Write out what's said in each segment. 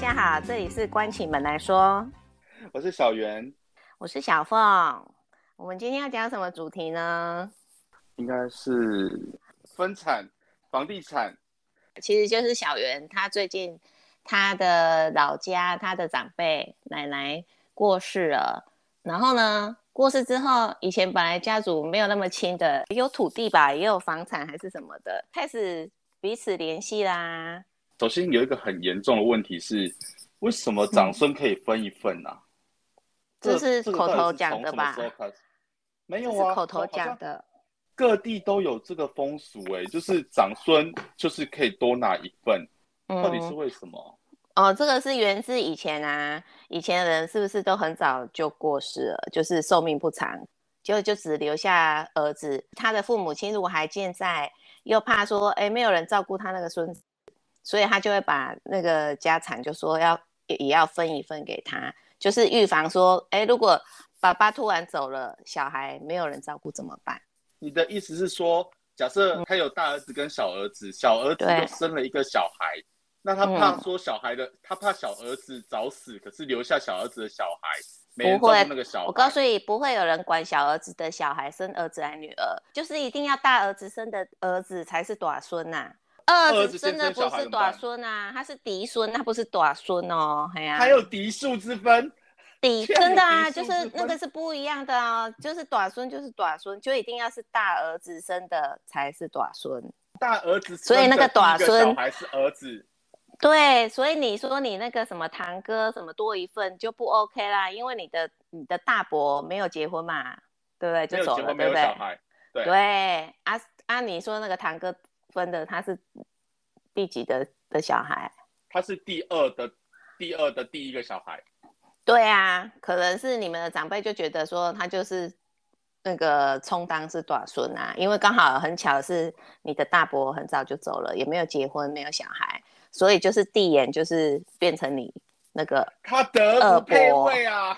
大家好，這裡是關起門來說。我是小圓，我是小鳳。我們今天要講什麼主題呢？應該是分產，房地產。其實就是小圓，他最近他的老家，他的長輩奶奶過世了，然後呢，過世之後，以前本來家族沒有那麼親的，有土地吧，也有房產還是什麼的，開始彼此聯繫啦。首先有一個很嚴重的問題是，為什麼長孫可以分一份呢？啊，這個這個，這是口頭講的吧？沒有啊，我口頭講的。各地都有這個風俗。欸，哎、嗯，就是長孫就是可以多拿一份。嗯，到底是為什麼？哦，這個是源自以前啊，以前的人是不是都很早就過世了？就是壽命不長，就就只留下兒子，他的父母親如果還健在，又怕說，哎、欸，沒有人照顧他那個孫子。所以他就會把那個家產就說要也要分一份給他，就是預防說，哎、欸，如果爸爸突然走了，小孩沒有人照顧怎麼辦？你的意思是說，假設他有大兒子跟小兒子，小兒子生了一個小孩，那他怕說小孩的，嗯，他怕小兒子早死，可是留下小兒子的小孩沒人照顧那個小孩。我告訴你，不會有人管小兒子的小孩，生兒子還女兒，就是一定要大兒子生的兒子才是大孫吶。二兒子真的不是大孫啊，他是嫡孫，那不是大孫哦，哎呀、啊，還有嫡庶之分，嫡分真的啊，就是那個是不一樣的啊、哦。就是大孫就是大孫，就一定要是大兒子生的才是大孫， 大兒子，生的兒子，所以那個大孫還是兒子，對，所以你說你那個什麼堂哥什麼多一份就不 OK 啦，因為你的你的大伯沒有結婚嘛，對不對？就走了，對不對？對，阿阿、啊啊、你說那個堂哥分的他是。第幾的的小孩？他是第二的，第二的第一個小孩。對啊，可能是你們的長輩就覺得說，他就是那個充當是長孫啊，因為剛好很巧是你的大伯很早就走了，也沒有結婚，沒有小孩，所以就是遞延就是變成你。那個他得配位啊，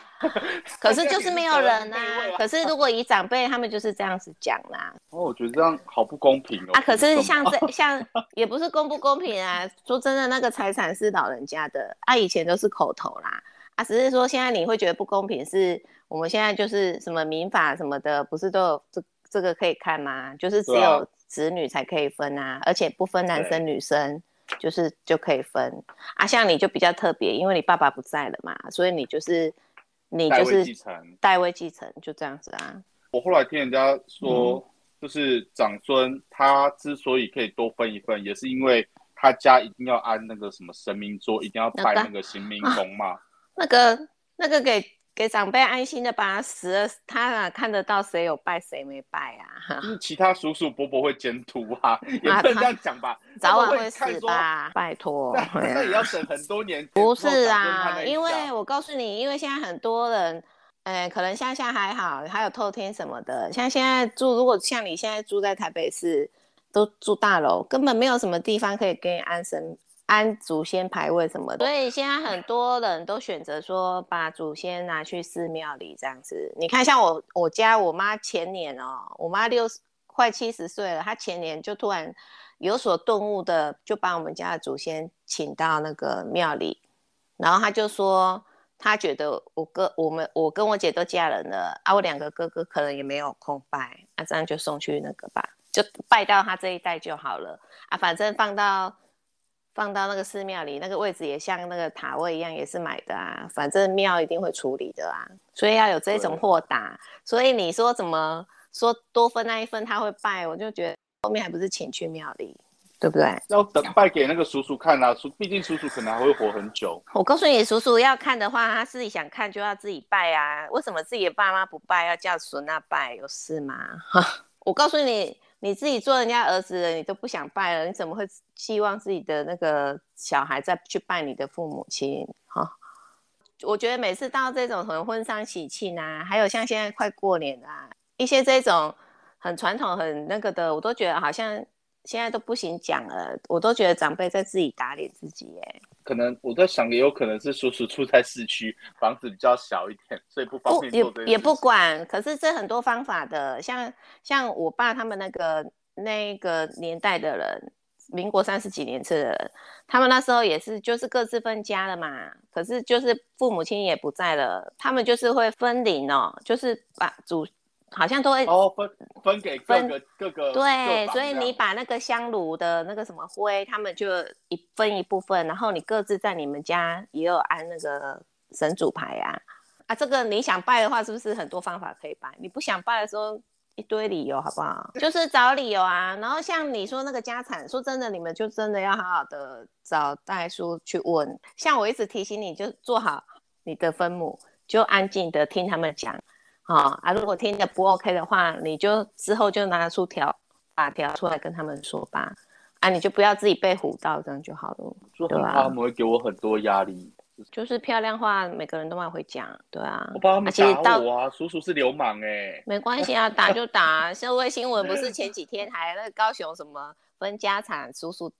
可是就是沒有人啊。是人啊，可是如果以長輩，他們就是這樣子講啦、啊。哦，我覺得這樣好不公平哦。啊、可是像這像也不是公不公平啊？ 說真的，那個財產是老人家的啊，以前都是口頭啦啊，只是說現在你會覺得不公平，是我們現在就是什麼民法什麼的，不是都有這這個可以看嗎？就是只有子女才可以分啊，啊而且不分男生女生。就是就可以分啊，像你就比較特別，因為你爸爸不在了嘛，所以你就是你就是代位繼承，代位繼承就這樣子啊。我後來聽人家說，就是長孫他之所以可以多分一份、嗯，也是因為他家一定要安那個什麼神明桌，一定要拜那個行明宮嘛。那啊啊、那個那個給。給長輩安心的，把他死，了。他哪看得到誰有拜，誰沒拜啊，啊。其他叔叔伯伯會監督啊，啊，也不能這樣講吧。早、啊、晚會死吧，拜託、啊啊。那也要等很多年。不是啊，因為我告訴你，因為現在很多人，哎、呃，可能鄉下，下還好，還有透天什麼的。像現在住，如果像你現在住在台北市，都住大樓，根本沒有什麼地方可以給你安身按祖先牌位什麼的，所以現在很多人都選擇說把祖先拿去寺廟裡這樣子。你看，像我我家我媽前年哦、喔，我媽六十快七十歲了，她前年就突然有所頓悟的，就把我們家的祖先請到那個廟裡，然後她就說她覺得我哥我們我跟我姐都嫁人了啊，我兩個哥哥可能也沒有空拜啊，這樣就送去那個吧，就拜到他這一代就好了啊，反正放到。放到那個寺廟裡，那個位置也像那個塔位一樣，也是買的啊。反正廟一定會處理的啊，所以要有這種豁達。所以你說，怎麼說多分那一份他會拜，我就覺得後面還不是請去廟裡，對不對？要等拜給那個叔叔看啊，叔畢竟叔叔可能還會活很久。 我告訴你，叔叔要看的話，他自己想看就要自己拜啊。為什麼自己的爸媽不拜，要叫孫那拜，有事嗎？ 我告訴你。你自己做人家兒子的，你都不想拜了，你怎麼會希望自己的那個小孩再去拜你的父母親？哈，我覺得每次到這種可能婚喪喜慶啊，還有像現在快過年啦、啊，一些這種很傳統很那個的，我都覺得好像。現在都不行講了，我都覺得長輩在自己打理自己耶、欸。可能我在想，也有可能是叔叔住在市區，房子比較小一點，所以不方便做。也也不管，可是這很多方法的，像像我爸他們那個那個年代的人，民國三十幾年次的人，他們那時候也是就是各自分家了嘛，可是就是父母親也不在了，他們就是會分離哦、喔，就是把主。好像都會哦，分分給分個各個,各個,各個對各，所以你把那個香爐的那個什麼灰，他們就一分一部分，然後你各自在你們家也有安那個神主牌呀、啊。啊，這個你想拜的話，是不是很多方法可以拜？你不想拜的時候，一堆理由好不好？ 就是找理由啊。然後像你說那個家產，說真的，你們就真的要好好的找代書去問。像我一直提醒你，就做好你的分母，就安靜的聽他們講。啊、哦、啊！如果聽得不 OK 的話，你就之後就拿出條把條出來跟他們說吧。啊，你就不要自己被唬到，這樣就好了。對啊，就很怕他們會給我很多壓力、啊。就是漂亮話，每個人都蠻會講，對啊。我怕他們打我啊！叔叔、啊、是流氓哎、欸。沒關係啊，打就打、啊。 社會新聞不是前幾天 還那個高雄什麼分家產，叔叔。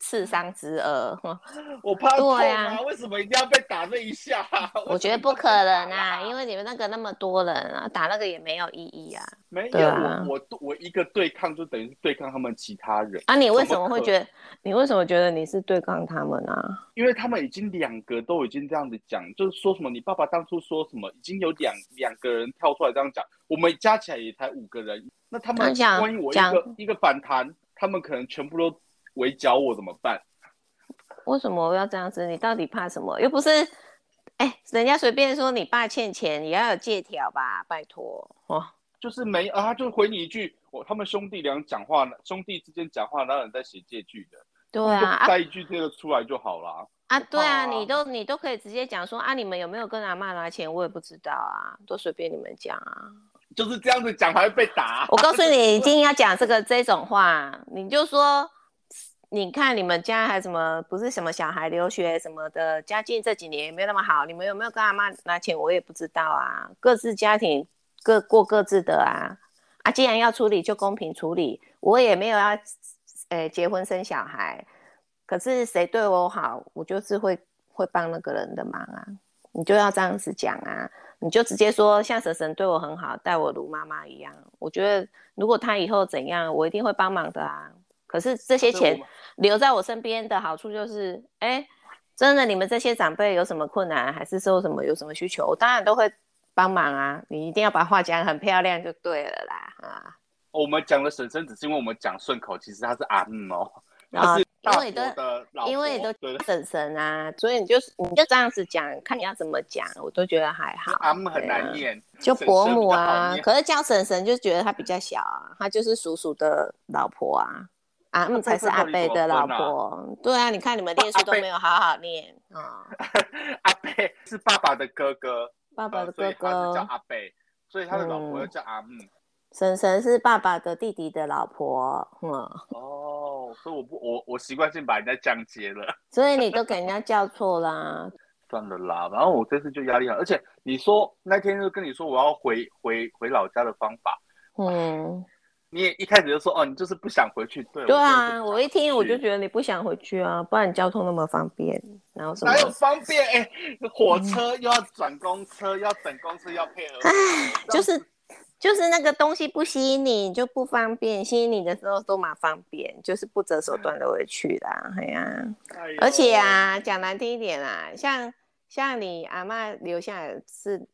刺傷之額， 我怕痛呀、啊。為什麼一定要被打這一下啊？我覺得不可能啊， 因為你們那個那麼多人啊， 打那個也沒有意義啊。沒有，啊、我我我一個對抗就等於是對抗他們其他人啊。你為什麼會覺得？你為什麼覺得你是對抗他們啊？因為他們已經兩個都已經這樣子講，就是說什麼你爸爸當初說什麼，已經有兩兩個人跳出來這樣講，我們加起來也才五個人，那他們關於我一個講一個反彈，他們可能全部都。圍剿我怎麼辦？為什麼要這樣子？你到底怕什麼？又不是，哎、欸，人家隨便說你爸欠錢，你要有借條吧？拜託，哦，就是沒啊，他就回你一句。我他們兄弟倆講話，兄弟之間講話哪有人在寫借據的？對啊，帶一句這個出來就好了、啊。啊，對啊，啊你都你都可以直接講說啊，你們有沒有跟阿嬤拿錢？我也不知道啊，都隨便你們講啊。就是這樣子講還會被打。 我告訴你，一定要講這個 這種話，你就說。你看你們家還什麼不是什麼小孩留學什麼的，家境這幾年也沒有那麼好。你們有沒有跟阿嬤拿錢？我也不知道啊。各自家庭各過各自的啊。啊，既然要處理，就公平處理。我也沒有要，誒、欸，結婚生小孩。可是誰對我好，我就是會會幫那個人的忙啊。你就要這樣子講啊，你就直接說像嬸嬸對我很好，待我如媽媽一樣。我覺得如果她以後怎樣，我一定會幫忙的啊。可是這些錢留在我身邊的好處就是，哎、啊欸，真的，你們這些長輩有什麼困難，還是說什麼有什麼需求，我當然都會幫忙啊。你一定要把話講得很漂亮就對了啦啊、哦！我們講的嬸嬸，只是因為我們講順口，其實他是阿姆哦。然後、哦、因為都因為都嬸嬸啊，所以你就你就這樣子講，看你要怎麼講，我都覺得還好。阿姆很難念，就伯母啊，神可是叫嬸嬸就覺得她比較小啊，她就是叔叔的老婆啊。阿姆才是阿伯的老婆。啊，對啊，你看你們念書都沒有好好念啊。阿伯、嗯、 是爸爸的哥哥，爸爸的哥哥、呃、叫阿伯，所以他的老婆叫阿姆。嬸、嗯、嬸是爸爸的弟弟的老婆，嗯。哦，所以我不，我我習慣性把人家降階，了，所以你都給人家叫錯啦。 算了啦，然後我這次就壓力好了，而且你說那天就跟你說我要回回回老家的方法，嗯。你也一開始就說哦，你就是不想回去，對。對啊我，我一聽我就覺得你不想回去啊，不然你交通那麼方便，然後什麼有方便哎、欸，火車又要轉公車、嗯，要等公車，要配合，哎，就是就是那個東西不吸引你就不方便，吸引你的時候都蠻方便，就是不擇手段都回去啦、啊。哎呀，而且啊，講難聽一點啊，像像你阿媽留下來的是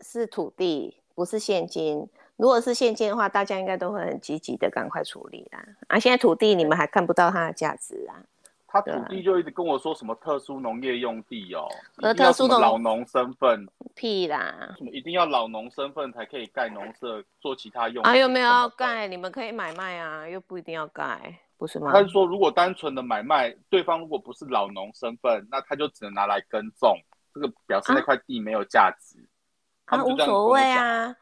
是土地，不是現金。如果是現金的話，大家應該都會很積極的趕快處理啦。啊，現在土地你們還看不到它的價值啊。他土地就一直跟我說什麼特殊農業用地哦，特殊老農身份屁啦，什麼一定要老農身份才可以蓋農舍做其他用。啊有沒有要蓋，你們可以買賣啊，又不一定要蓋，不是嗎？他是說如果單純的買賣，對方如果不是老農身份，那他就只能拿來耕種，這個表示那塊地沒有價值。啊，他啊，啊無所謂啊。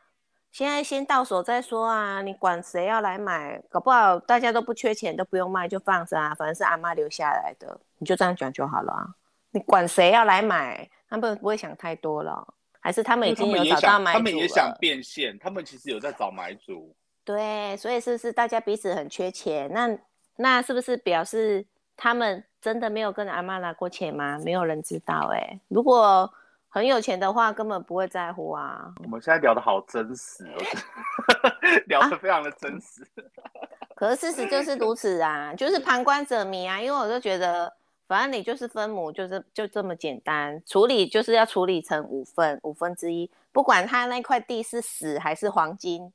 現在先到手再說啊！你管誰要來買，搞不好大家都不缺錢，都不用賣，就放着啊。反正是阿媽留下來的，你就這樣講就好了啊！你管誰要來買，他們不會想太多了，還是他們已經有找到買主了他。他們也想變現，他們其實有在找買主。對，所以是不是大家彼此很缺錢？那那是不是表示他們真的沒有跟阿媽拿過錢嗎？沒有人知道哎、欸。如果很有錢的話，根本不會在乎啊！我們現在聊得好真實， 聊得非常的真實。啊。 可是事實就是如此啊， 就是旁觀者迷啊。因為我就覺得，反正你就是分母，就是就這麼簡單處理，就是要處理成五分五分之一，不管他那塊地是屎還是黃金，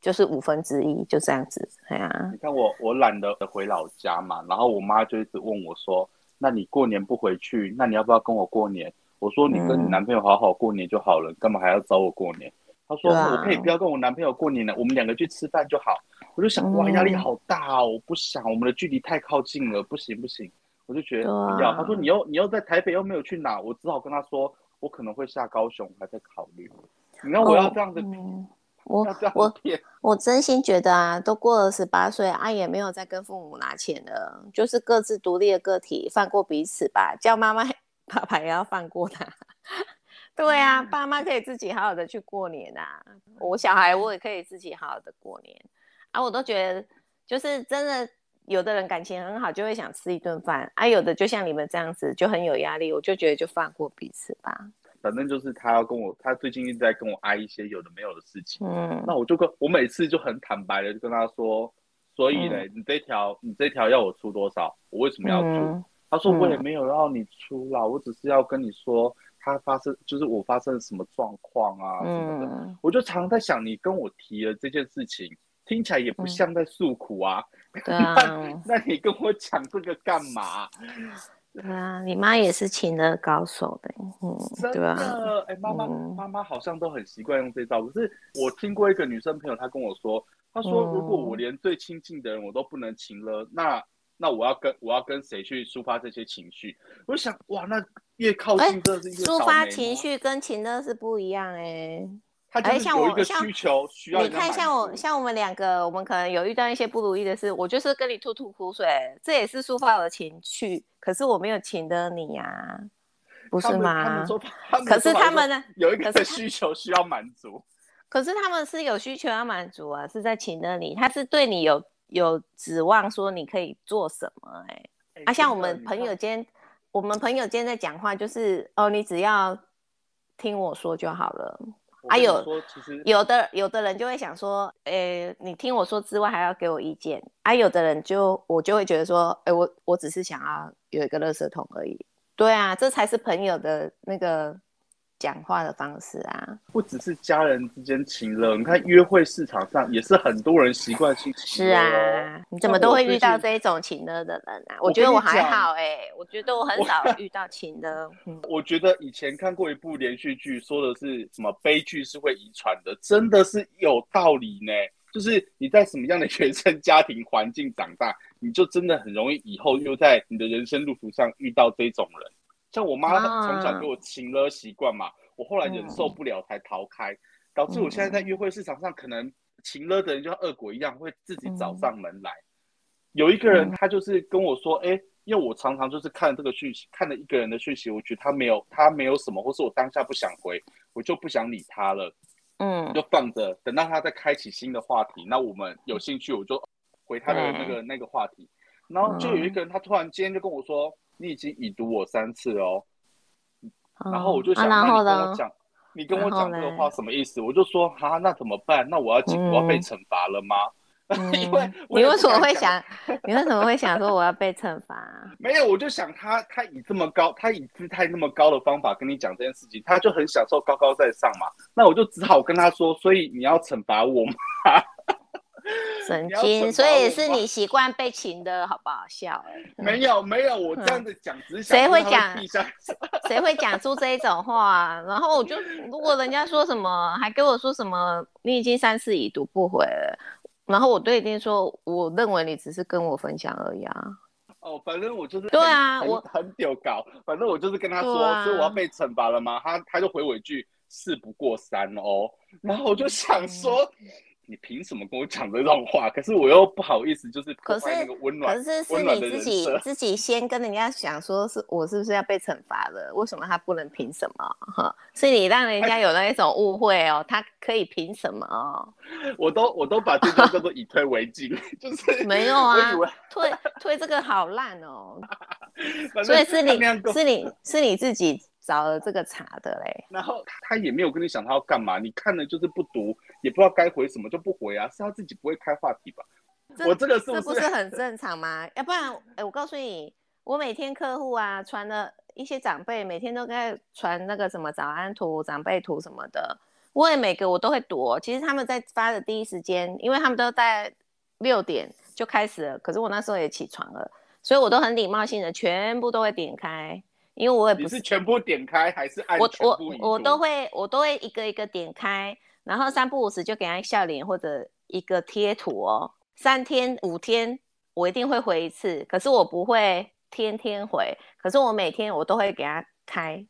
就是五分之一，就這樣子。對啊，你看我我懶得回老家嘛，然後我媽就一直問我說：“那你過年不回去，那你要不要跟我過年？”我說你跟你男朋友好好過年就好了，嗯、幹嘛還要找我過年？他說、啊、我可以不要跟我男朋友過年了，我們兩個去吃飯就好。我就想、嗯、哇，壓力好大哦，我不想我們的距離太靠近了，不行不行，我就覺得不要。啊、他說你要你要在台北又沒有去哪，我只好跟他說我可能會下高雄，我還在考慮。你要我要這樣子、哦嗯，我我 我真心覺得啊，都過了十八歲，阿、啊、也沒有再跟父母拿錢了，就是各自獨立的個體，放過彼此吧，叫媽媽。爸爸也要放過他， 對啊，爸媽可以自己好好的去過年啊，我小孩我也可以自己好好的過年啊。我都覺得就是真的，有的人感情很好就會想吃一頓飯啊，有的就像你們這樣子就很有壓力。我就覺得就放過彼此吧。反正就是他要跟我，他最近一直在跟我挨一些有的沒有的事情。嗯，那我就跟我每次就很坦白的就跟他說，所以呢、嗯，你這條你這條要我出多少？我為什麼要出？嗯他說：“我也沒有要你出來、嗯，我只是要跟你說，他發生就是我發生什麼狀況啊什麼的。嗯”我就常在想，你跟我提了這件事情，聽起來也不像在訴苦啊、嗯啊。 那。那你跟我講這個幹嘛？對啊，你媽也是情勒高手的。嗯，真的對啊。哎、欸，媽媽媽媽好像都很習慣用這招。不是，我聽過一個女生朋友，她跟我說，她說如果我連最親近的人我都不能情勒、嗯、那。那我要跟我要跟誰去抒發這些情緒？我想哇，那越靠近、欸、抒發情緒跟情勒是不一樣哎、欸。他就是有一個需求需要、欸、像我像你看像我像我們兩個，我們可能有遇到一些不如意的事，我就是跟你吐吐苦水，這也是抒發我的情緒。可是我沒有情勒你呀、啊，不是嗎？他們說，他們的說法說，可是他們呢？有一個需求需要滿足。可是他們是有需求要滿足啊，是在情勒你，他是對你有。有指望說你可以做什麼哎、欸，啊，像我們朋友間，我們朋友間在講話就是哦，你只要聽我說就好了。啊有，有有的有的人就會想說，哎、欸，你聽我說之外，還要給我意見。啊，有的人就我就會覺得說，哎、欸，我我只是想要有一個垃圾桶而已。對啊，這才是朋友的那個。講話的方式啊，不只是家人之間情勒、嗯、你看約會市場上也是很多人習慣性、啊、是啊，你怎麼都會遇到這一種情勒的人啊？我，我覺得我還好哎、欸，我覺得我很少遇到情勒。我覺得以前看過一部連續劇，說的是什麼悲劇是會遺傳的、嗯，真的是有道理呢。就是你在什麼樣的原生家庭環境長大，你就真的很容易以後又在你的人生路途上遇到這種人。像我媽從小給我情勒習慣嘛、啊，我後來忍受不了才逃開、嗯，導致我現在在約會市場上，可能情勒的人就像惡鬼一樣會自己找上門來、嗯。有一個人，他就是跟我說：“哎、嗯欸，因為我常常就是看這個訊息，看了一個人的訊息，我覺得他沒有他沒有什麼，或是我當下不想回，我就不想理他了，嗯，就放着，等到他再開啟新的話題，那我們有興趣我就回他的那個、嗯、那個話題。然後就有一個人，他突然間就跟我說。你已經已讀我三次哦、嗯，然後我就想，啊、那你跟我講，你跟我講這個話什麼意思？我就說，哈，那怎麼辦？那我要我要被懲罰了嗎？嗯、 因為我你為什麼會想， 你為什麼會想說我要被懲罰？沒有，我就想他，他以這麼高，他以姿態那麼高的方法跟你講這件事情，他就很享受高高在上嘛。那我就只好跟他說，所以你要懲罰我嗎？ 神經，所以是你習慣被請的，好不好，好笑，嗯？沒有沒有，我這樣子講，只想嗯、誰會講？ 誰會講出這種話？然後我就，如果人家說什麼， 還跟我說什麼，你已經三次已讀不回了。然後我都已經說，我認為你只是跟我分享而已啊。哦，反正我就是對啊，我很屌搞。反正我就是跟他說，啊，所以我要被懲罰了嗎？他他就回我一句：事不過三哦。然後我就想說。 你憑什麼跟我講這種話？可是我又不好意思，就是可，可是可是是你自己自己先跟人家想說，是我是不是要被懲罰的，為什麼他不能憑什麼？哈，是你讓人家有那一種誤會哦，他，他可以憑什麼哦，我都我都把這個叫做以退為進， 就是沒有啊，退 退這個好爛哦， 所以是你是你是你，是你自己。找了這個茬的嘞，然後他也沒有跟你講他要幹嘛，你看了就是不讀，也不知道該回什麼，就不回啊，是他自己不會開話題吧？我這個是不是這，這不是很正常嗎？要、 啊、不然，哎、欸，我告訴你，我每天客戶啊傳了一些長輩，每天都在傳那個什麼早安圖、長輩圖什麼的，我也每個我都會讀。其實他們在發的第一時間，因為他們都在六點就開始了，可是我那時候也起床了，所以我都很禮貌性的全部都會點開。因為我也不是，是全部點開，還是按我我我都會我都會一個一個點開，然後三不五時就給他笑臉或者一個貼圖哦。三天五天我一定會回一次，可是我不會天天回，可是我每天我都會給他開。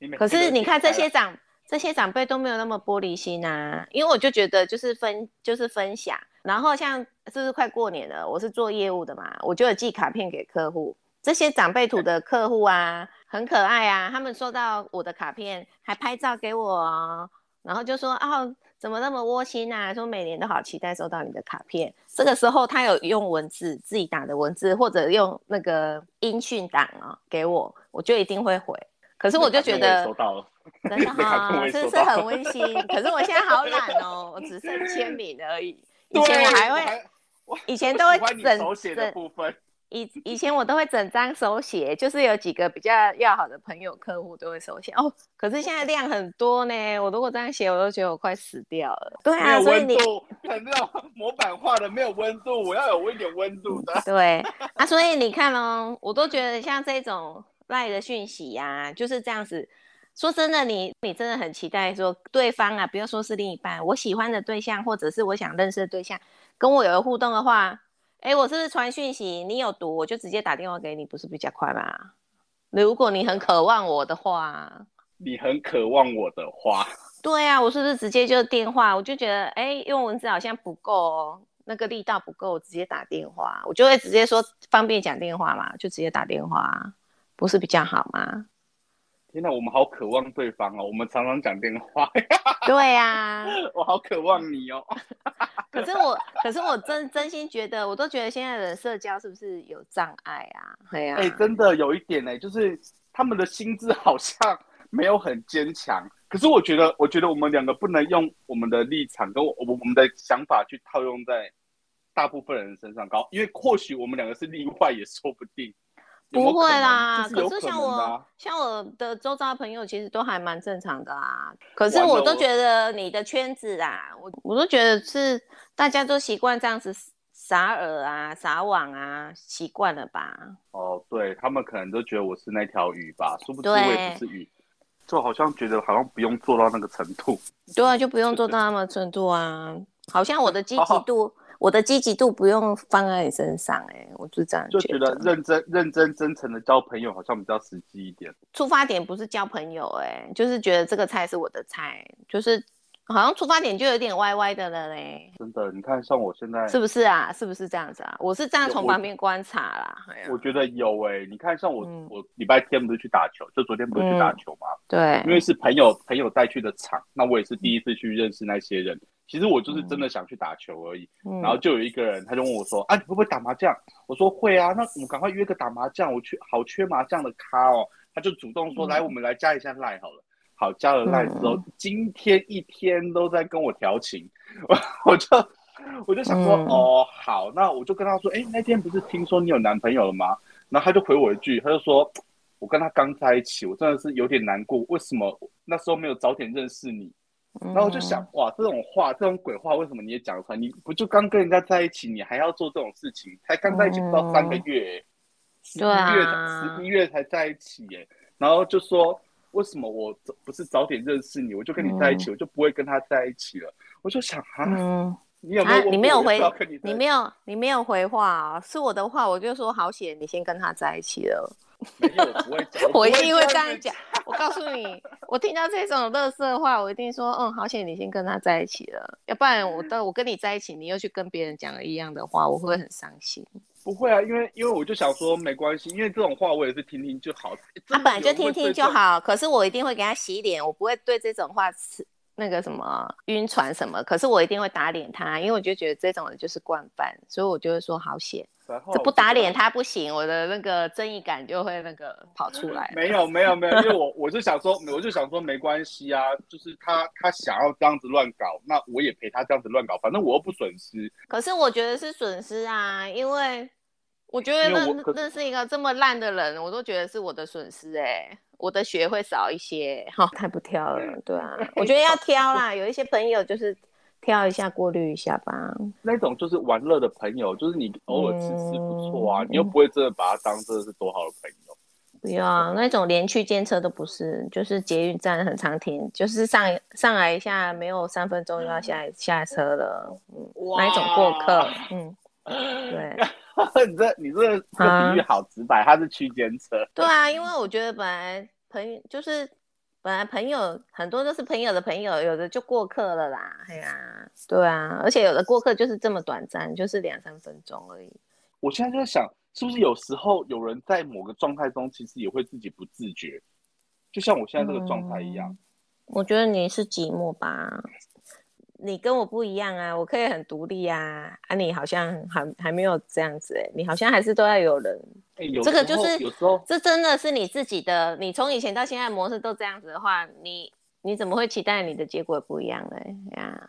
開，可是你看這些長這些長輩都沒有那麼玻璃心啊，因為我就覺得就是分就是分享，然後像是不是快過年了，我是做業務的嘛，我就有寄卡片給客戶，這些長輩圖的客戶啊。很可愛啊！他們收到我的卡片，還拍照給我哦，然後就說：“哦，怎麼那麼窩心啊？”說每年都好期待收到你的卡片。這個時候他有用文字自己打的文字，或者用那個音訊檔啊給我，我就一定會回。可是我就覺得，收到了，真的啊，是是很溫馨。 可是我現在好懶哦， 我只剩簽名而已。以前還會，我還我以前都會整寫的部分。以以前我都會整張手寫，就是有幾個比較要好的朋友、客戶都會手寫哦。可是現在量很多呢，我如果這樣寫，我都覺得我快死掉了。對啊，溫度，所以你很那種模板化的，沒有溫度，我要有一點溫度的。對啊，所以你看哦，我都覺得像這種賴的訊息呀、啊，就是這樣子。說真的你，你你真的很期待說對方啊，不要說是另一半，我喜歡的對象，或者是我想認識的對象，跟我有個互動的話，哎，我是不是傳訊息，你有讀，我就直接打電話給你，不是比較快嗎？如果你很渴望我的話，你很渴望我的話，對啊，我是不是直接就電話？我就覺得，哎，用文字好像不夠，那個力道不夠，我直接打電話，我就會直接說方便講電話嘛，就直接打電話，不是比較好嗎？現在我們好渴望對方哦！我們常常講電話。 對呀、啊，我好渴望你哦。 可是我，可是我真真心覺得，我都覺得現在的社交是不是有障礙啊？對呀、啊。哎、欸，真的有一點呢、欸，就是他們的心智好像沒有很堅強。可是我覺得，我覺得我們兩個不能用我們的立場跟我們我們的想法去套用在大部分人身上，高，高因為或許我們兩個是例外也說不定。不會啦可可、啊，可是像我像我的周遭的朋友其實都還蠻正常的啦、啊。可是我都覺得你的圈子啊，我我都覺得是大家都習慣這樣子撒餌啊、撒網啊，習慣了吧？哦，對，他們可能都覺得我是那條魚吧，說不定我也不是魚，就好像覺得好像不用做到那個程度。對、啊，就不用做到那麼程度啊， 好像我的積極度、哦。我的積極度不用放在你身上，欸，哎，我就這樣覺得。就覺得認真、認真、真誠的交朋友好像比較實際一點。出發點不是交朋友，欸，哎，就是覺得這個菜是我的菜，就是好像出發點就有點歪歪的了嘞。真的，你看像我現在是不是啊？是不是這樣子啊？我是這樣從旁邊觀察啦，哎。我覺得有哎，欸，你看像我，嗯、我禮拜天不是去打球，就昨天不是去打球嘛，嗯？對，因為是朋友朋友帶去的場，那我也是第一次去認識那些人。其實我就是真的想去打球而已，嗯、然後就有一個人，他就問我說、嗯：“啊，你會不會打麻將？”我說：“會啊。”那我們趕快約個打麻將，我去好缺麻將的咖哦。他就主動說：“嗯、來，我們來加一下賴好了。”好，加了賴之後，今天一天都在跟我調情，我，我就我就想說：“哦，好，那我就跟他說：哎、嗯，那天不是聽說你有男朋友了嗎？”然後他就回我一句，他就說：“我跟他剛在一起，我真的是有點難過，為什麼那時候沒有早點認識你？”然後我就想，哇，這種話，這種鬼話，為什麼你也講出來？你不就剛跟人家在一起，你還要做這種事情？才剛在一起不到三個月，嗯、三個月、對啊、十一月，十一月才在一起耶。然後就說，為什麼我不是早點認識你，我就跟你在一起，嗯、我就不會跟他在一起了。我就想，啊，嗯、你有沒有、啊？你沒有回你，你沒有，你沒有回話、啊。是我的話，我就說好險，你先跟他在一起了。我， 我一定會這樣講，我告訴你。 我聽到這種垃圾的話，我一定說，嗯，好險你先跟他在一起了，要不然我到我跟你在一起，你又去跟別人講了一樣的話，我會很傷心。不會啊，因為因為我就想說沒關係，因為這種話我也是聽聽就好。他、啊本，欸這個啊、本來就聽聽就好，可是我一定會給他洗臉，我不會對這種話那個什麼暈船什麼，可是我一定會打臉他，因為我就覺得這種人就是慣犯，所以我就會說好險。這，這不打臉他不行，我的那個正義感就會那個跑出來。沒有沒有沒有，因為我我就想說， 我就想說沒關係啊，就是他他想要這樣子亂搞，那我也陪他這樣子亂搞，反正我又不損失。可是我覺得是損失啊，因為我覺得那那是，是一個這麼爛的人，我都覺得是我的損失哎、欸，我的血會少一些哈、哦，太不挑了，嗯、對啊， 我覺得要挑啦， 有一些朋友就是。挑一下，過濾一下吧。那種就是玩樂的朋友，就是你偶爾吃吃不錯啊、嗯，你又不會真的把他當真是多好的朋友。嗯、不用啊，嗯、那種連區間車都不是，就是捷運站很常停，就是上上來一下沒有三分鐘又要下、嗯、下車了。嗯、哇，那一種過客，嗯， 對 你。你這你這個比喻好直白，他是區間車。 對啊，因為我覺得本來朋友就是。本來朋友很多都是朋友的朋友，有的就過客了啦。對啊。對啊，而且有的過客就是這麼短暫，就是兩三分鐘而已。我現在就在想，是不是有時候有人在某個狀態中，其實也會自己不自覺，就像我現在這個狀態一樣。嗯，我覺得你是寂寞吧。你跟我不一樣啊，我可以很獨立啊，啊你好像還還沒有這樣子哎、欸，你好像還是都要有人，欸、有這個就是這真的是你自己的，你從以前到現在模式都這樣子的話，你你怎麼會期待你的結果不一樣呢呀？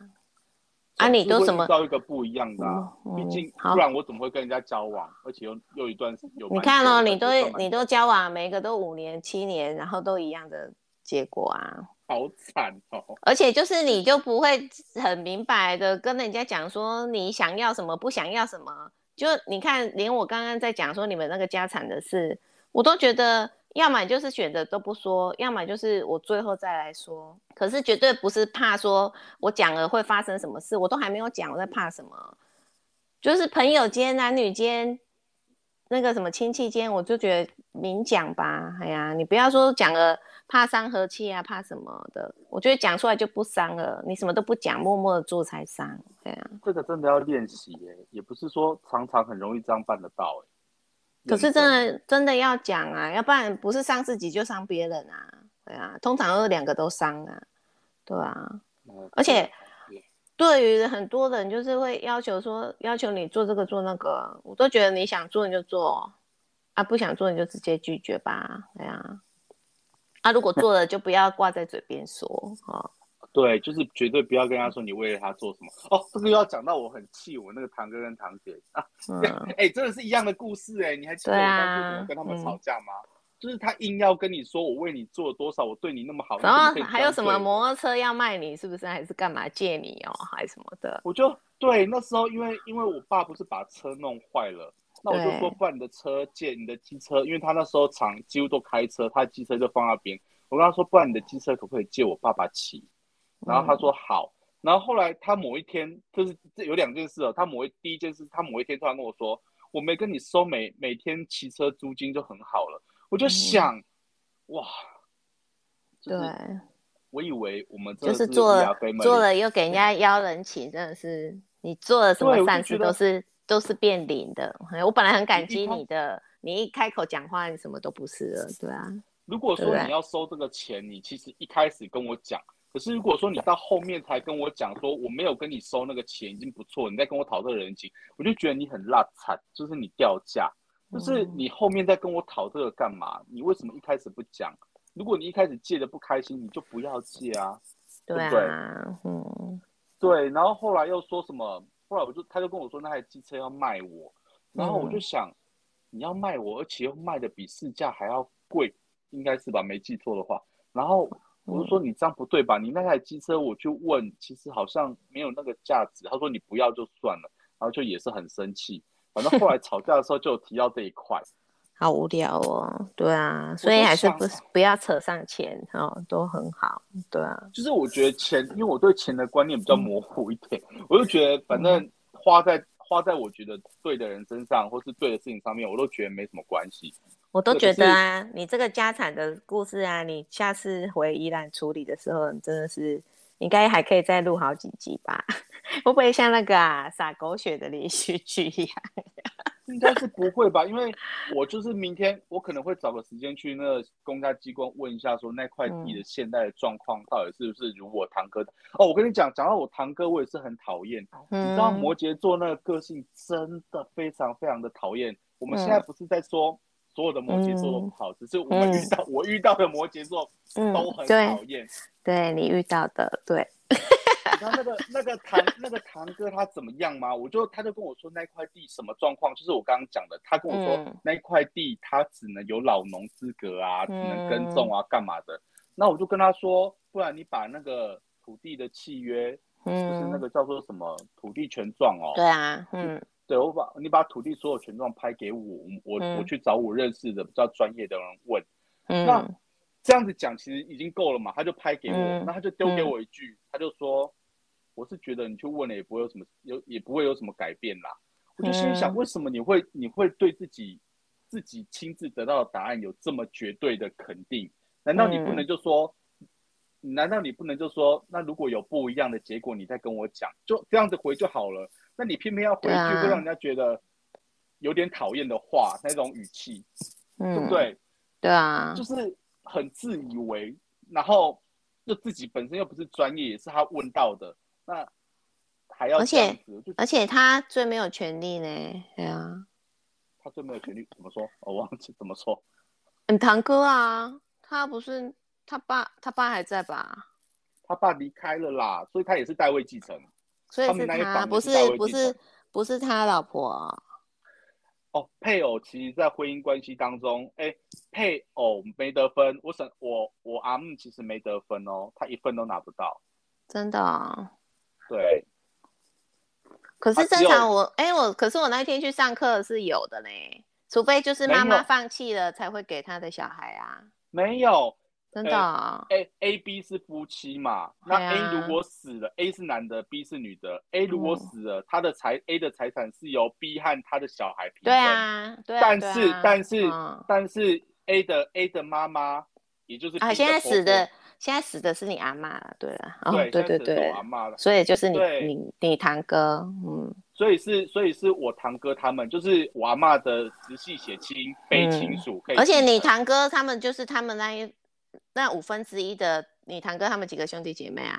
啊你都怎麼？到一個不一樣的、啊，畢、嗯嗯、竟不然我怎麼會跟人家交往？而且又又一段你看哦，你都你都交往每一個都五年七年，然後都一樣的結果啊。好慘哦！而且就是你就不會很明白的跟人家講說你想要什麼不想要什麼。就你看，連我剛剛在講說你們那個家產的事，我都覺得，要麼就是選擇都不說，要麼就是我最後再來說。可是絕對不是怕說我講了會發生什麼事，我都還沒有講，我在怕什麼？就是朋友間、男女間、那個什麼親戚間，我就覺得。明講吧，哎呀、對啊，你不要說講了，怕傷和氣啊，怕什麼的？我覺得講出來就不傷了，你什麼都不講，默默的做才傷，對啊。這個真的要練習、欸、也不是說常常很容易這樣辦得到、欸、可是真的真的要講啊，要不然不是傷自己就傷別人啊，對啊，通常都是兩個都傷啊，對啊，okay. 而且，yeah. 對於很多人就是會要求說，要求你做這個做那個，我都覺得你想做你就做。他不想做，你就直接拒絕吧。對啊，那、啊、如果做了，就不要掛在嘴邊說。 哦，對，就是絕對不要跟他說你為了他做什麼。嗯、哦，這個又要講到我很氣我那個堂哥跟堂姐啊，哎、嗯欸，真的是一樣的故事哎、欸，你還記得我跟他們吵架嗎、啊嗯？就是他硬要跟你說我為你做了多少，我對你那麼好，然後還有什麼摩托車要賣你，是不是？還是幹嘛借你哦，還什麼的？我就對那時候，因為因為我爸不是把車弄壞了。那我就說，不然你的車借你的機車，因為他那時候常幾乎都開車，他的機車就放那邊。我跟他說，不然你的機車可不可以借我爸爸騎、嗯？然後他說好。然後後來他某一天，就是有兩件事哦，他某一第一件事，他某一天突然跟我說，我沒跟你收每每天騎車租金就很好了。我就想，嗯、哇、就是，對，我以為我們是 family, 就是做了做了又給人家邀人請，真的是你做了什麼善事都是。都是變零的。我本來很感激你的，你一，你一開口講話，你什麼都不是了，對啊。如果說你要收這個錢，對對，你其實一開始跟我講，可是如果說你到後面才跟我講說我沒有跟你收那個錢已經不錯，你在跟我討這個人情，我就覺得你很辣慘，就是你掉價，就是你後面在跟我討這個幹嘛、嗯？你為什麼一開始不講？如果你一開始借的不開心，你就不要借啊，對啊對對，嗯，對。然後後來又說什麼？後來我就，他就跟我說，那台機車要賣我，然後我就想，你要賣我，而且又賣的比市價還要貴，應該是吧？沒記錯的話。然後我就說，你這樣不對吧？你那台機車，我就問，其實好像沒有那個價值。他說，你不要就算了，然後就也是很生氣。反正後來吵架的時候就提到這一塊。 好無聊哦，對啊，所以還是不不要扯上錢哦，都很好，對啊。就是我覺得錢，因為我對錢的觀念比較模糊一點，嗯、我就覺得反正花在、嗯、花在我覺得對的人身上或是對的事情上面，我都覺得沒什麼關係。我都覺得啊，你這個家產的故事啊，你下次回宜蘭處理的時候，你真的是你應該還可以再錄好幾集吧？ 會不會像那個啊，撒狗血的連續劇一樣？ 應該是不會吧？因為我就是明天，我可能會找個時間去那個公家機關問一下，說那塊地的現在的狀況到底是不是如我堂哥的、嗯、哦。我跟你講，講到我堂哥，我也是很討厭、嗯。你知道摩羯座那個個性真的非常非常的討厭、嗯。我們現在不是在說所有的摩羯座都不好，嗯、只是我們遇到、嗯、我遇到的摩羯座都很討厭。對，對，你遇到的，對。 那個那個堂那個堂哥他怎麼樣嗎？我就他就跟我說那塊地什麼狀況，就是我剛剛講的，他跟我說、嗯、那塊地他只能有老農資格啊，只能耕種啊，幹嘛的、嗯？那我就跟他說，不然你把那個土地的契約，嗯、就是那個叫做什麼土地權狀哦，對啊，嗯，就對我把你把土地所有權狀拍給我，我、嗯、我去找我認識的比較專業的人問，嗯。這樣子講其實已經夠了嘛，他就拍給我，嗯、那他就丟給我一句、嗯，他就說：“我是覺得你去問了也不會有什麼，有也不會有什麼改變啦。嗯”我就心裡想：“為什麼你會你會對自己自己親自得到的答案有這麼絕對的肯定？難道你不能就說？嗯、難道你不能就說？那如果有不一樣的結果，你再跟我講，就這樣子回就好了。那你偏偏要回去，會讓人家覺得有點討厭的話、嗯，那種語氣，對不對、嗯？對啊，就是。”很自以為，然後就自己本身又不是專業，也是他問到的，那還要這樣子，而且而且他最沒有權利呢，對啊，他最沒有權利怎麼說？哦，我忘記怎麼說。你、嗯、堂哥啊，他不是他爸，他爸還在吧？他爸離開了啦，所以他也是代位繼承。所以是他，他們那是不是不是不是他老婆、啊。哦，配偶其實在婚姻關係當中，哎、欸，配偶沒得分，我想我我阿姆其實沒得分哦，他一分都拿不到，真的、哦，對。可是正常我哎、啊欸、我，可是我那一天去上課是有的呢，除非就是媽媽放棄了才會給他的小孩啊，沒有。真的啊、哦欸、，A A B 是夫妻嘛？啊、那 A 如果死了，A 是男的，B 是女的。A 如果死了，嗯、他的財 A 的財產是由 B 和他的小孩平分對、啊。對啊，但是對、啊對啊、但是、嗯、但是 A 的 A 的媽媽，也就是婆婆、啊、現在死的現在死的是你阿嬤了，對啊、哦哦。對對對阿嬤，了，所以就是你你你堂哥，嗯，所以是所以是我堂哥他們，就是我阿嬤的直系血親、卑親屬可以。而且你堂哥他們就是他們那一。那五分之一的你堂哥他們幾個兄弟姐妹啊？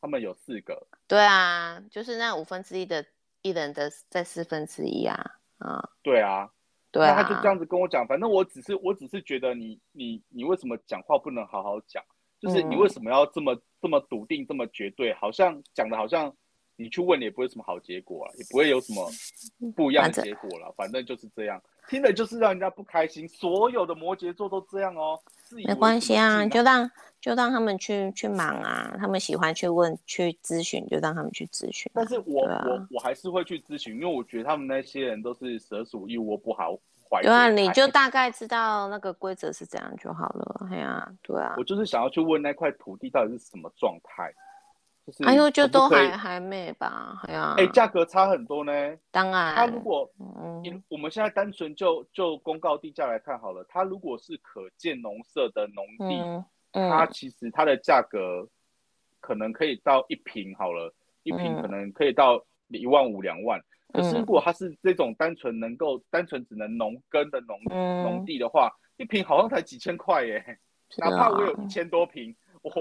他們有四個。對啊，就是那五分之一的一人的在四分之一啊。啊、嗯，對啊，對啊。他就這樣子跟我講，反正我只是我只是覺得你你你為什麼講話不能好好講？就是你為什麼要這麼、嗯、這麼篤定這麼絕對？好像講的好像你去問你也不會什麼好結果啊，也不會有什麼不一樣的結果了。反正就是這樣，聽的就是讓人家不開心。所有的摩羯座都這樣哦。沒關係啊，就讓就讓他們去去忙啊，他們喜歡去問去諮詢，就讓他們去諮詢、啊。但是我、啊、我我還是會去諮詢，因為我覺得他們那些人都是蛇鼠一窩，不好懷。對啊，你就大概知道那個規則是怎樣就好了。哎呀、啊，對啊。我就是想要去問那塊土地到底是什麼狀態。就是、哎呦，就都還還沒吧，好、哎、像。哎、欸，價格差很多呢。當然，它如果，嗯、我們現在單純就就公告地價來看好了，它如果是可見農舍的農地，它、嗯嗯、其實它的價格可能可以到一坪好了，嗯、一坪可能可以到一萬五兩萬。可是如果它是這種單純能夠、嗯、單純只能農耕的農農、嗯、地的話，一坪好像才幾千塊耶、啊。哪怕我有一千多坪，我。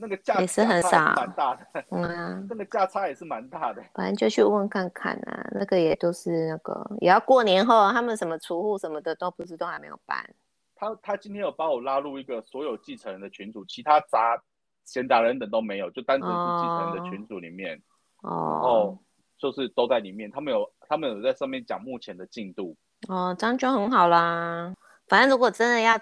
那個價也，也是很少，蠻大的，嗯啊 那個價差也是蠻大的。反正就去問看看啊，那個也都是那個也要過年後，他們什麼儲戶什麼的都不是都還沒有辦。他他今天有把我拉入一個所有繼承人的群組，其他雜閒雜人等都沒有，就單純繼承人的群組裡面，哦，就是都在裡面。他們有他們有在上面講目前的進度哦，這樣就很好啦。反正如果真的要。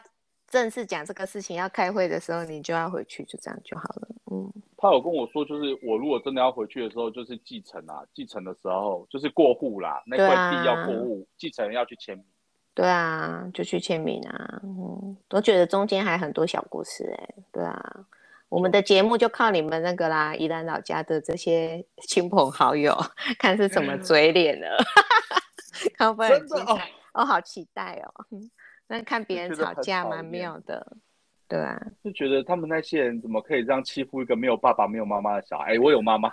正式講這個事情要開會的時候，你就要回去，就這樣就好了。嗯。他有跟我說，就是我如果真的要回去的時候，就是繼承啊，繼承的時候就是過戶啦，啊、那塊地要過戶，繼承人要去簽名。對啊，就去簽名啊。嗯，我覺得中間還很多小故事哎、欸。對啊，我們的節目就靠你們那個啦，宜蘭老家的這些親朋好友，看是什麼嘴臉了，嗯、 看不很我、哦哦、好期待哦。那看別人吵架嗎？沒有的，對啊，就覺得他們那些人怎麼可以這樣欺負一個沒有爸爸、沒有媽媽的小孩？哎、欸，我有媽媽，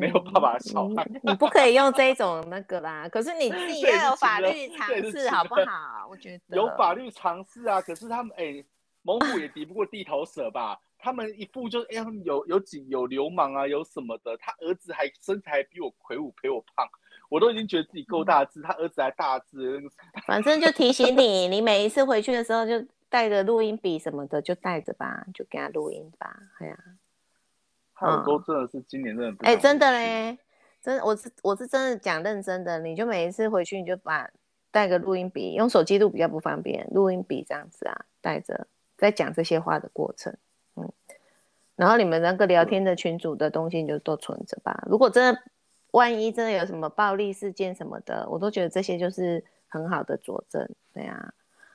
沒有爸爸的小孩，嗯、 你不可以用這種那個啦。 可是你自己要有法律常識，好不好？我覺得有法律常識啊。可是他們哎，猛、欸、虎也敵不過地頭蛇吧 他、欸？他們一副就是哎，有有幾有流氓啊，有什麼的？他兒子還身材比我魁梧，比我胖。我都已經覺得自己夠大智，他兒子還大智。嗯、 反正就提醒你，你每一次回去的時候就帶個錄音筆什麼的，就帶着吧，就給他錄音吧。哎呀、啊，好多真的是、嗯、今年真的哎、欸，真的嘞，真的我是我是真的講認真的。你就每一次回去你就把帶個錄音筆，用手機錄比較不方便，錄音筆這樣子啊，帶着在講這些話的過程，嗯。然後你們那個聊天的群組的東西你就都存着吧，嗯。如果真的。萬一真的有什麼暴力事件什麼的，我都覺得這些就是很好的佐證，對啊，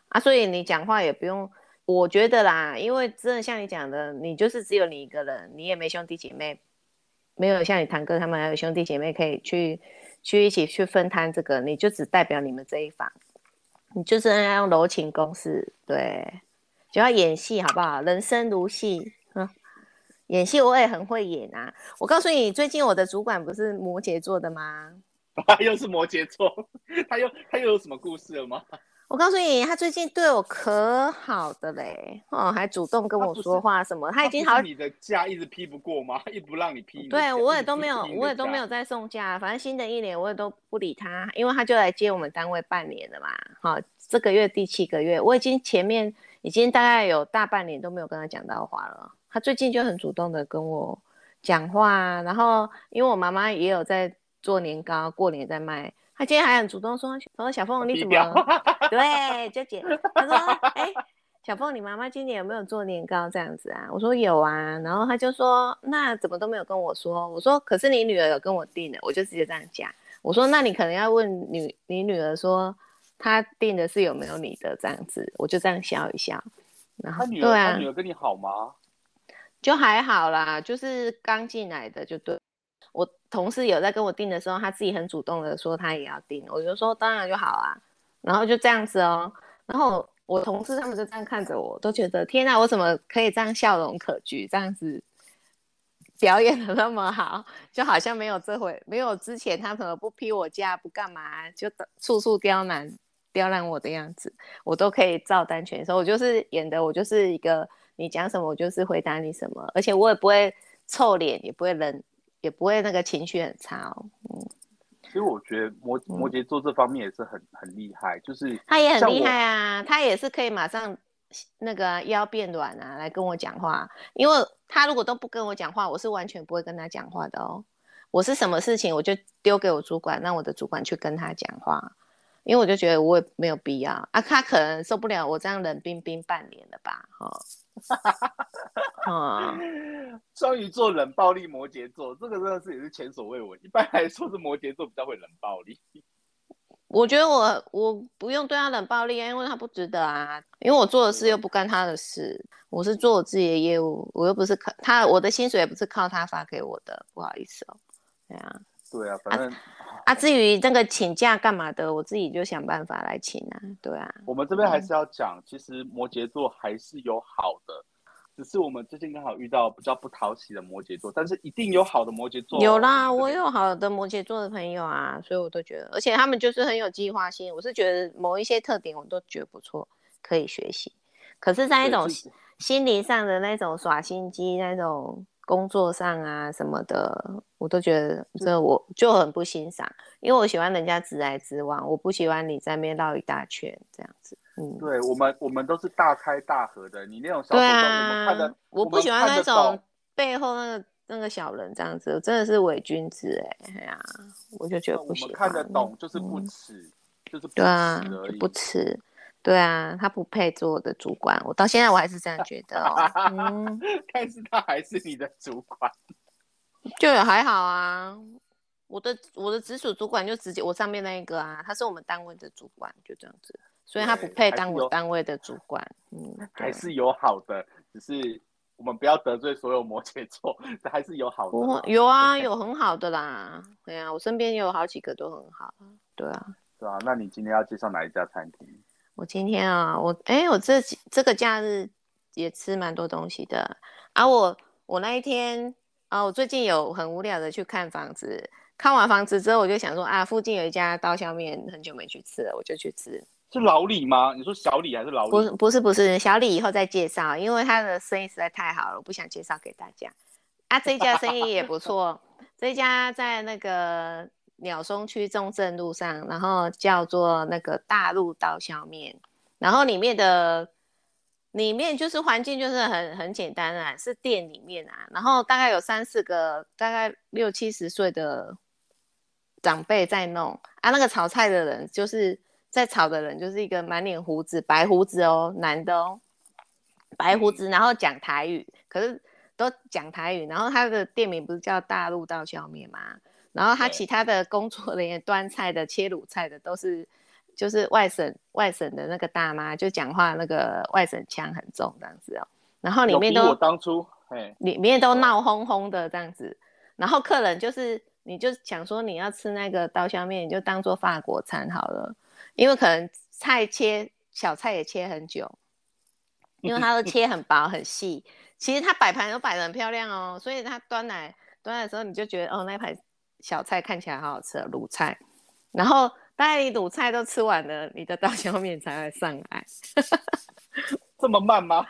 啊，所以你講話也不用，我覺得啦，因為真的像你講的，你就是只有你一個人，你也沒兄弟姐妹，沒有像你堂哥他們還有兄弟姐妹可以去去一起去分攤這個，你就只代表你們這一方，你就是要用柔情攻勢，對，就要演戲好不好？人生如戲。演戲我也很會演啊！我告訴你，最近我的主管不是摩羯座的嗎？啊， 又是摩羯座， 他又他又有什麼故事了嗎？我告訴你，他最近對我可好的嘞，哦，還主動跟我說話什麼，他，他已經好，你的假一直批不過嗎？他一不讓你批，對，我也都沒有，是是我也都沒有再送假，反正新的一年我也都不理他，因為他就來接我們單位半年了嘛，好、哦，這個月第七個月，我已經前面已經大概有大半年都沒有跟他講到話了。他最近就很主動的跟我講話，然後因為我媽媽也有在做年糕，過年在賣。他今天還很主動說：“他說小鳳，你怎麼對就 姐？”他說：“哎、欸，小鳳，你媽媽今年有沒有做年糕這樣子啊？”我說：“有啊。”然後他就說：“那怎麼都沒有跟我說？”我說：“可是你女兒有跟我訂的。”我就直接這樣講：“我說那你可能要問女你，你女兒說，她訂的是有沒有你的這樣子。”我就這樣笑一笑。然後他女兒、對啊，他女兒跟你好嗎？就還好啦，就是剛進來的就對，我同事有在跟我訂的時候，他自己很主動的說他也要訂，我就說當然就好啊，然後就這樣子哦，然後我同事他們就這樣看着我，都覺得天吶，我怎麼可以這樣笑容可掬，這樣子表演得那麼好，就好像沒有這回沒有之前他怎麼不批我假不幹嘛，就處處刁難刁難我的樣子，我都可以照單全收，我就是演的我就是一個。你講什麼，我就是回答你什麼，而且我也不會臭臉，也不會冷，也不會那個情緒很差哦。嗯，其實我覺得摩摩羯座這方面也是很、嗯、很厲害，就是他也很厲害啊，他也是可以馬上那個腰變軟啊，來跟我講話。因為他如果都不跟我講話，我是完全不會跟他講話的哦。我是什麼事情，我就丟給我主管，讓我的主管去跟他講話，因為我就覺得我也沒有必要啊，他可能受不了我這樣冷冰冰半年了吧，哈。雙魚座冷暴力，摩羯座這個真的是也是前所未聞。一般來說是摩羯座比較會冷暴力。 我覺得我我不用對他冷暴力啊，因為他不值得啊。因為我做的事又不干他的事，我是做我自己的業務，我又不是靠他，我的薪水也不是靠他發給我的。不好意思哦，對啊，對啊，反正、啊。啊，至於那個請假幹嘛的，我自己就想辦法來請啊。對啊，我們這邊還是要講，嗯、其實摩羯座還是有好的，只是我們最近剛好遇到比較不討喜的摩羯座，但是一定有好的摩羯座。嗯、有啦，我有好的摩羯座的朋友啊，所以我都覺得，而且他們就是很有計劃性。我是覺得某一些特點我都覺得不錯，可以學習。可是，在一種心理上的那種耍心機那種。工作上啊什麼的，我都覺得這我就很不欣賞，因為我喜歡人家直來直往，我不喜歡你在面繞一大圈這樣子。嗯，對我們我們都是大開大合的，你那種小人、啊，我不喜歡那種背後那個那個小人這樣子，我真的是偽君子哎、欸！哎呀、啊，我就覺得不喜歡。我看得懂就是不齒、嗯，就是不對啊，不齒。對啊，他不配做我的主管，我到現在我還是這樣覺得哦。 嗯，但是他還是你的主管，就還好啊。我的我的直屬主管就直接我上面那一個啊，他是我們單位的主管，就這樣子。所以他不配當我單位的主管。嗯，還是有好的，只是我們不要得罪所有摩羯座，還是有好的，好的。有啊，有很好的啦。對啊，我身邊有好幾個都很好。對啊，對啊，那你今天要介紹哪一家餐廳？我今天啊、哦，我哎，我這這個假日也吃蠻多東西的。啊，我我那一天啊，我最近有很無聊的去看房子，看完房子之後，我就想說啊，附近有一家刀削麵，很久沒去吃了，我就去吃。是老李嗎？你說小李還是老李？不，不是，不是，不是小李，以後再介紹，因為他的生意實在太好了，我不想介紹給大家。啊，這一家生意也不錯， 這家在那個。鳥松區中正路上，然後叫做那個大陸刀削麵，然後裡面的裡面就是環境就是很很簡單啊，是店裡面啊，然後大概有三四個，大概六七十歲的長輩在弄啊，那個炒菜的人就是在炒的人就是一個滿臉鬍子、白鬍子哦，男的哦，白鬍子，然後講台語，可是都講台語，然後他的店名不是叫大陸刀削麵嗎？然後他其他的工作人員端菜的、切滷菜的都是，就是外省外省的那個大媽，就講話那個外省腔很重這樣子哦。然後裡面都當初，裡面都鬧哄哄的這樣子。然後客人就是，你就想說你要吃那個刀削麵，你就當做法國餐好了，因為可能菜切小菜也切很久，因為他都切很薄很細。其實他擺盤都擺得很漂亮哦，所以他端來端來的時候，你就覺得哦，那一盤。小菜看起來好好吃，啊，滷菜，然後當你滷菜都吃完了，你的刀削麵才會上來， 這麼慢嗎？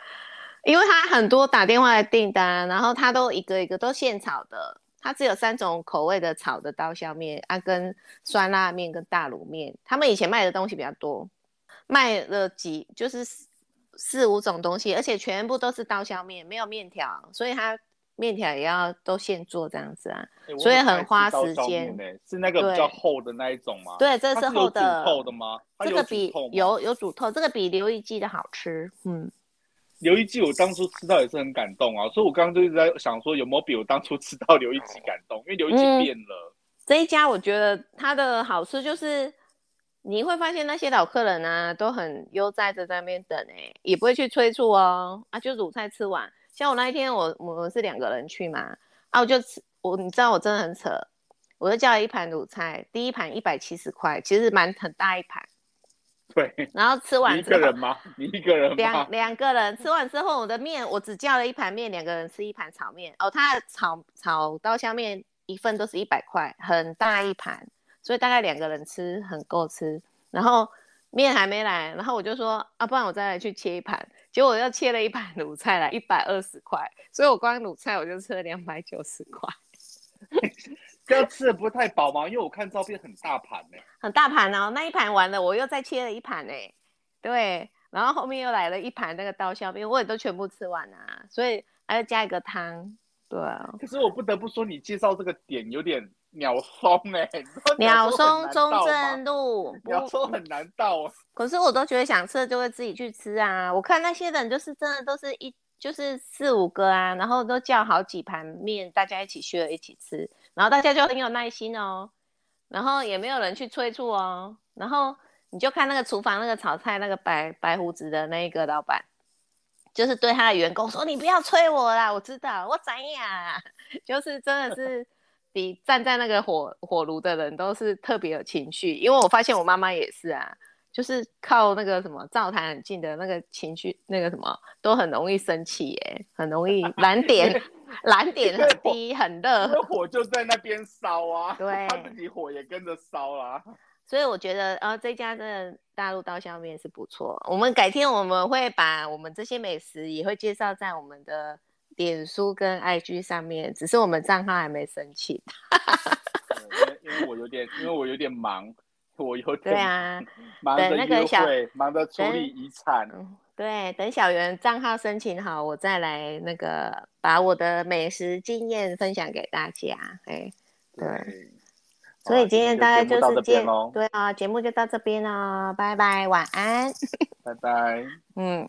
因為他很多打電話的訂單，然後他都一個一個都現炒的，他只有三種口味的炒的刀削麵，啊，跟酸辣麵跟大滷麵。他們以前賣的東西比較多，賣了幾就是四、四五種東西，而且全部都是刀削麵，沒有麵條，所以他。麵條也要都現做這樣子啊，欸欸、所以很花時間。是那個比較厚的那一種嗎？對，對，這是厚的，厚的嗎，嗎？這個比有有煮透，這個比劉一記的好吃。嗯，劉一記我當初吃到也是很感動啊，所以我剛剛就一直在想說有沒有比我當初吃到劉一記感動，因為劉一記變了、嗯。這一家我覺得它的好吃就是你會發現那些老客人啊都很悠哉的在那邊等哎、欸，也不會去催促哦，啊就是滷菜吃完。像我那一天我，我我是兩個人去嘛，啊，我就吃我，你知道我真的很扯，我就叫了一盤滷菜，第一盤一百七十塊，其實蠻很大一盤，對。然後吃完一個人嗎？你一個人？兩兩個人吃完之後，我的麵我只叫了一盤麵，兩個人吃一盤炒麵哦，他炒炒刀削麵一份都是一百塊，很大一盤，所以大概兩個人吃很夠吃，然後。面還沒來，然後我就說啊，不然我再來去切一盤。結果我又切了一盤滷菜來，一百二十塊，所以我光滷菜我就吃了兩百九十塊。 這樣吃的不太飽嗎？因為我看照片很大盤呢、欸，很大盤哦、喔。那一盤完了，我又再切了一盤呢、欸。對，然後後面又來了一盤那個刀削麵，我也都全部吃完啦，所以還要加一個湯。對啊，可是我不得不說，你介紹這個點有點。鳥松哎、欸，鳥松中正路，不鳥松很難到、啊。可是我都覺得想吃就會自己去吃啊。我看那些人就是真的都是一就是四五個啊，然後都叫好幾盤麵，大家一起削一起吃，然後大家就很有耐心哦，然後也沒有人去催促哦，然後你就看那個廚房那個炒菜那個白白鬍子的那一個老板，就是對他的員工說：“ 你不要催我啦，我知道我怎樣。”就是真的是。 比站在那個火火爐的人都是特別有情緒，因為我發現我媽媽也是啊，就是靠那個什麼灶台很近的那個情緒，那個什麼都很容易生氣、欸，耶。很容易燃點， 燃點很低，很熱，火就在那邊燒啊，對，他自己火也跟着燒啦、啊。所以我覺得，呃，這家的大陸刀削麵是不錯，我們改天我們會把我們這些美食也會介紹在我們的。臉書跟 IG 上面，只是我們賬號還沒申請。 因為我有點，因為我有點忙，我有點對啊， 忙着約會，那個、忙着處理遺產、嗯。對，等小圓賬號申請好，我再來那個把我的美食經驗分享給大家對對對。對。所以今天大概就是節、哦、目這，對啊、哦，節目就到這邊了，拜拜，晚安，拜拜， 嗯。